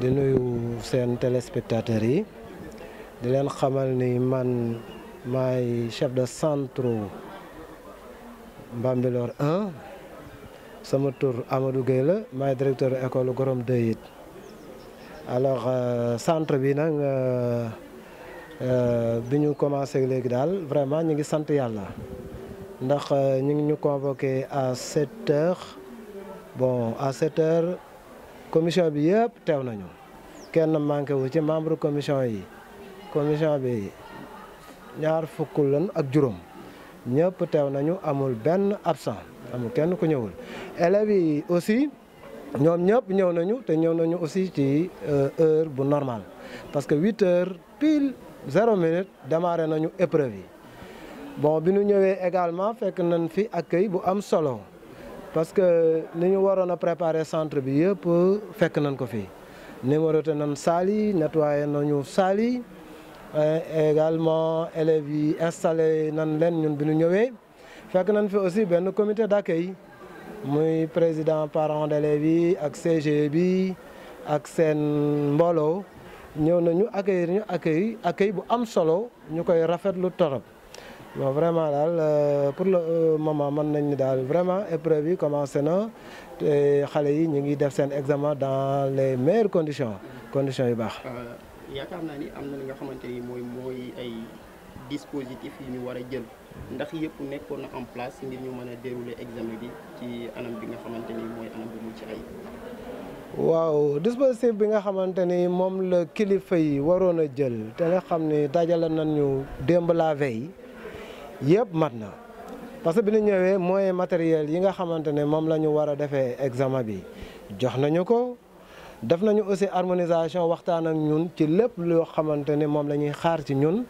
Nous sommes téléspectateurs chef de centre 1 sama Amadou Gueye la directeur de Gorom 2 alors euh, centre bi nous euh, euh, commencé vraiment ñi ngi sante à 7 h bon à 7 heures. commission bi yëpp teew nañu kenn manqué wu ci membre commission yi commission bi ñaar fukk lan ak juróom ñëpp teew nañu amul benn absent amul kenn ku ñëwul élèves yi aussi ñoom ñëpp ñëw nañu te ñëw nañu aussi ci euh, heure bu normal parce que huit heures pile zéro nañu épreuve yi bon bi ñu ñëwee également fekk nañ fi accueil bu am solo parce que li ñu waroon préparer centre bi yëpp fekk nañ ko fii numéroté nañ sali, yi nettoyé nañu saal eh, également élèves yi installé nañ leen ñun bi ñu ñëwee fekk nañ fi aussi benn comité d'accueil muy président parent d'élèves yi ak CGE bi ak seen mbooloo ñëw nañu accueillir ñu accueil accueil bu am solo ñu koy rafetlu torop non vraiment daal euh, pour le euh, moment man nañ vraiment épreuve yi commencé na te xale yi ñi ngi def sen examen dans les meilleures conditions conditions yu baax. Euh, yaakaar na ni am na li nga xamanteni moy moy ay dispositifs yi ñu wara a jël ndax yépp nekkoon na en place ngir ñu mëna dérouler examen bi ci anam bi nga xamanteni moy anam bi mu ci ay. Wow, dispositif bi nga xamanteni mom le la kilifa yi warona jël té nga xam ni nañu démb la veille yëpp mat na parce que bi ñu ñëwee moyen matériel yi nga xamante ne moom la ñu war a defee examen bi jox nañu ko def nañu aussi harmonisation waxtaan ak ñun ci lépp loo xamante ne moom la ñuy xaar ci ñun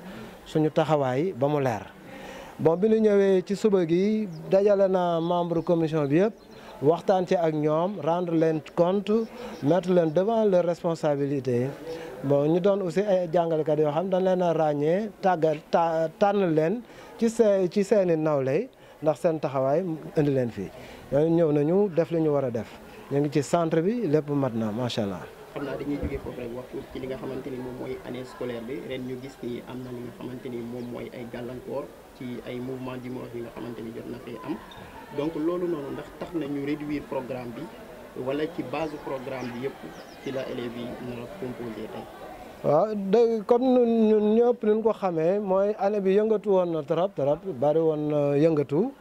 suñu taxawaay ba mu leer bon bi ñu ñëwee ci suba gi dajale na membre commission bi yëpp. waxtaan ci ak ñoom rendre leen compte mettre leen devant responsabilité responsabilités boo ñu doon aussi ay jàngalekat yoo xam dañ leen a ràññee tàggat tànn leen ci see ci seeni nawle ndax seen taxawaay indi leen fii ñooñu ñëw nañu def li ñu war a def ñu ngi ci centre bi lépp mat na macha allah. xam naa foofu rek wax ci li nga xamante ni moom mooy année scolaire bi ren ñu gis ni am na li nga xamante moom mooy ay gàllankoor ci ay mouvement dimanche yi nga xamante ni jot na fee am donc loolu noonu ndax tax na ñu réduire programme bi wala ci base programme bi yëpp ci la élèves yi nar a composé tey. waaw de comme ñun ñëpp ñu ko xamee mooy anne bi yëngatu woon na trop trop bari woon na yëngatu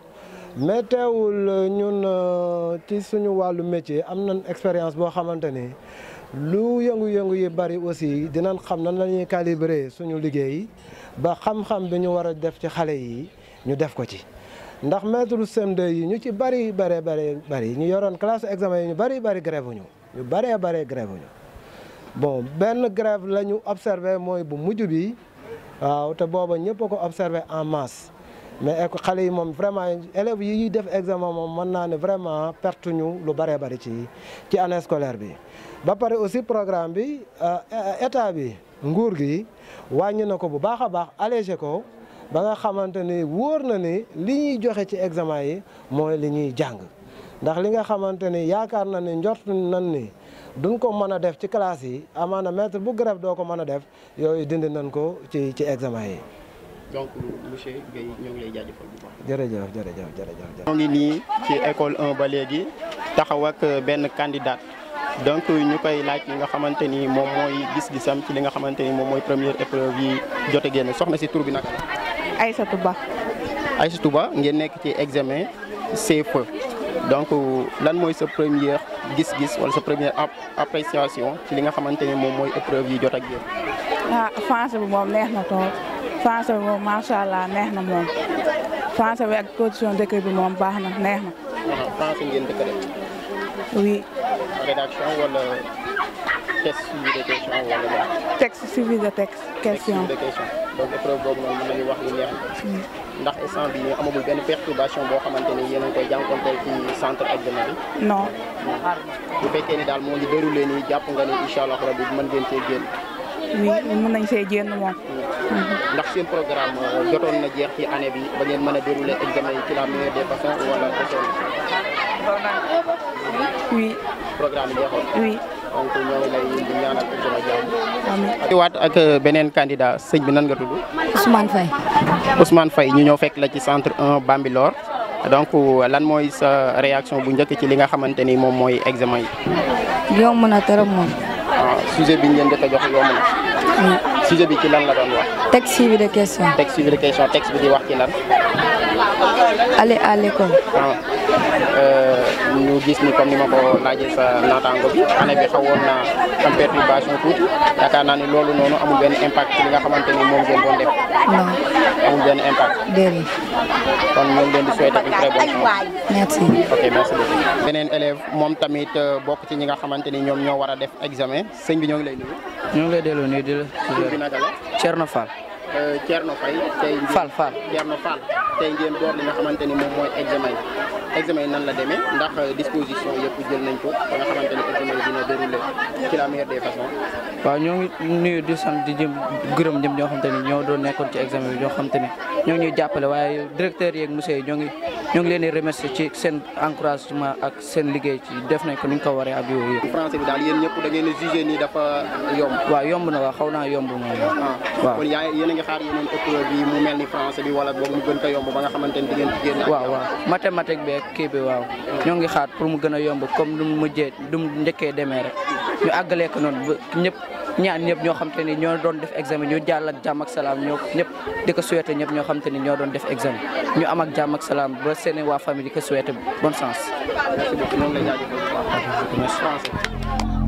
mais teewul ñun euh, ci suñu wàllu métier am na expérience boo xamante ni. lu yëngu-yëngu yi bari aussi dinañ xam nan la ñuy calibrer suñu liggéey ba xam-xam bi ñu war a def ci xale yi ñu def ko ci. ndax maître CM2 yi ñu ci bari bari bari bari ñu yoroon classe examen yi ñu bari bari grève ñu ñu baree baree grève ñu bon benn grève la ñu observé mooy bu mujj bi waaw te booba ñëpp a ko observé en masse. mais éco xale yi moom vraiment élèves yi ñuy def examen moom mën naa ne vraiment perte ñu lu bëree bëri ci ci année scolaire bi. ba pare aussi programme bi euh, état bi nguur gi wàññi na ko bu baax a baax allégé ko ba nga xamante ni wóor na ni li ñuy joxe ci examen yi mooy li ñuy jàng ndax li nga xamante ni yaakaar na ni njort nan ni. duñ ko mën a def ci classe yi amaana maître bu grève doo ko mën a def yooyu dindi nañ ko ci ci examen yi donc monsieur Gueye ñoo ngi lay jaajëfal bu baax. jërëjëf jërëjëf jërëjëf. ñoo ngi nii ci école 1 ba léegi taxaw ak euh, benn candidat donc ñu koy laaj nga xamanteni mom moy gis-gisam ci li nga xamanteni mom moy premier première épreuve yi jote génn soxna ci tour bi naka aïssa touba Ba. touba Ba ngeen nek ci examen CFEE donc lan moy sa première gis-gis wala sa première appréciation ci li nga xamanteni mom moy épreuve yi jot ak génn. ah français bu mom neex na tok français bi moom macha allah neex na moom français bi ak condition dëkk bi moom baax na neex na. français ngeen dëkk de. oui. rédaction wala texte suivi de question wala. texte suivi de texte question. texte suivi de boobu noonu mën wax lu neex na. ndax instant bii amagul benn perturbation boo xamante ni yéen a koy jànkuwanteel ci centre examen bi. non. bu fekkee ni daal moo ngi déroulé nii jàpp nga ni incha allah rabi mën ngeen cee génn. oui mën nañ see génn moom. Hmm. ndax seen programme euh, jotoon na jeex ci année bi ba ngeen mën a dérouler examen yi ci la meilleure des façons wala oui programme jeexoon oui donc ñoo ngi lay di ñaanal ko sama jaam ci waat ak euh, beneen candidat sëñ bi nan nga tudd Ousmane Faye Ousmane Faye ñu ñoo fekk la ci centre 1 Bambi Lor donc euh, lan mooy sa réaction bu njëkk ci li nga xamante ni moom mooy examen yi yomb na trop moom ah, sujet bi ngeen dafa jox yomb na sujet bi ci lan la doon wax. texte bi de question. texte bi de question texte bi di wax ci lan. aller ñu gis ni comme ni ma ko laajee sa naataango bi année bi xawoon na am perturbation tuuti yaakaar naa ni loolu noonu amul benn impact ci li nga xamante moom ngeen doon def. non benn impact. déedéet. kon ñoo ngi di souhaiter une très bonne beneen élève moom tamit euh, bokk ci ñi nga xamante ni ñoom ñoo war a def examen sëñ bi ñoo ngi lay nuyu. ñoo ngi lay delloo nuyu di la. di la Thierno Fall. Euh, Thierno Faye. Fall Fall Thierno Fall. tey ngeen door li nga xamante ni moom mooy examen yi. examen yi nan la demee ndax disposition yëpp jël nañ ko ba nga xamante ne examen yi dina déroulé ci la meilleure des ñoo ngi di sant di jëm gërëm jëm ñoo xamante ni ñoo doon nekkoon ci examen bi ñoo xamante ni ñoo ngi ñuy jàppale waaye directeur yeeg monsieur ñoo ngi ñoo ngi leen di remercier ci seen encouragement ak seen liggéey ci def nañ ko ni ñu ko waree ab yooyu yëpp. français bi daal yéen ñëpp da ngeen a jugé nii dafa yomb. waaw yomb na waa xaw naa yomb moom. Ah. waaw kon yaa yéen a mu mel ni français bi wala yomb ba nga xamante ni di ngeen ci génn. kii bi waaw ñoo ngi xaat pour mu gën a yomb comme lu mu mujjee lu mu njëkkee demee rek ñu àggalee ko noonu ba ñëpp ñaan ñëpp ñoo xam ni ñoo doon def examen ñu jàll ak jàmm salaam ñoo ñëpp di ko souhaité ñoo xam ni ñoo doon def examen ñu am ak jàmm salaam ba seen waa famille di ko souhaité bonne chance. merci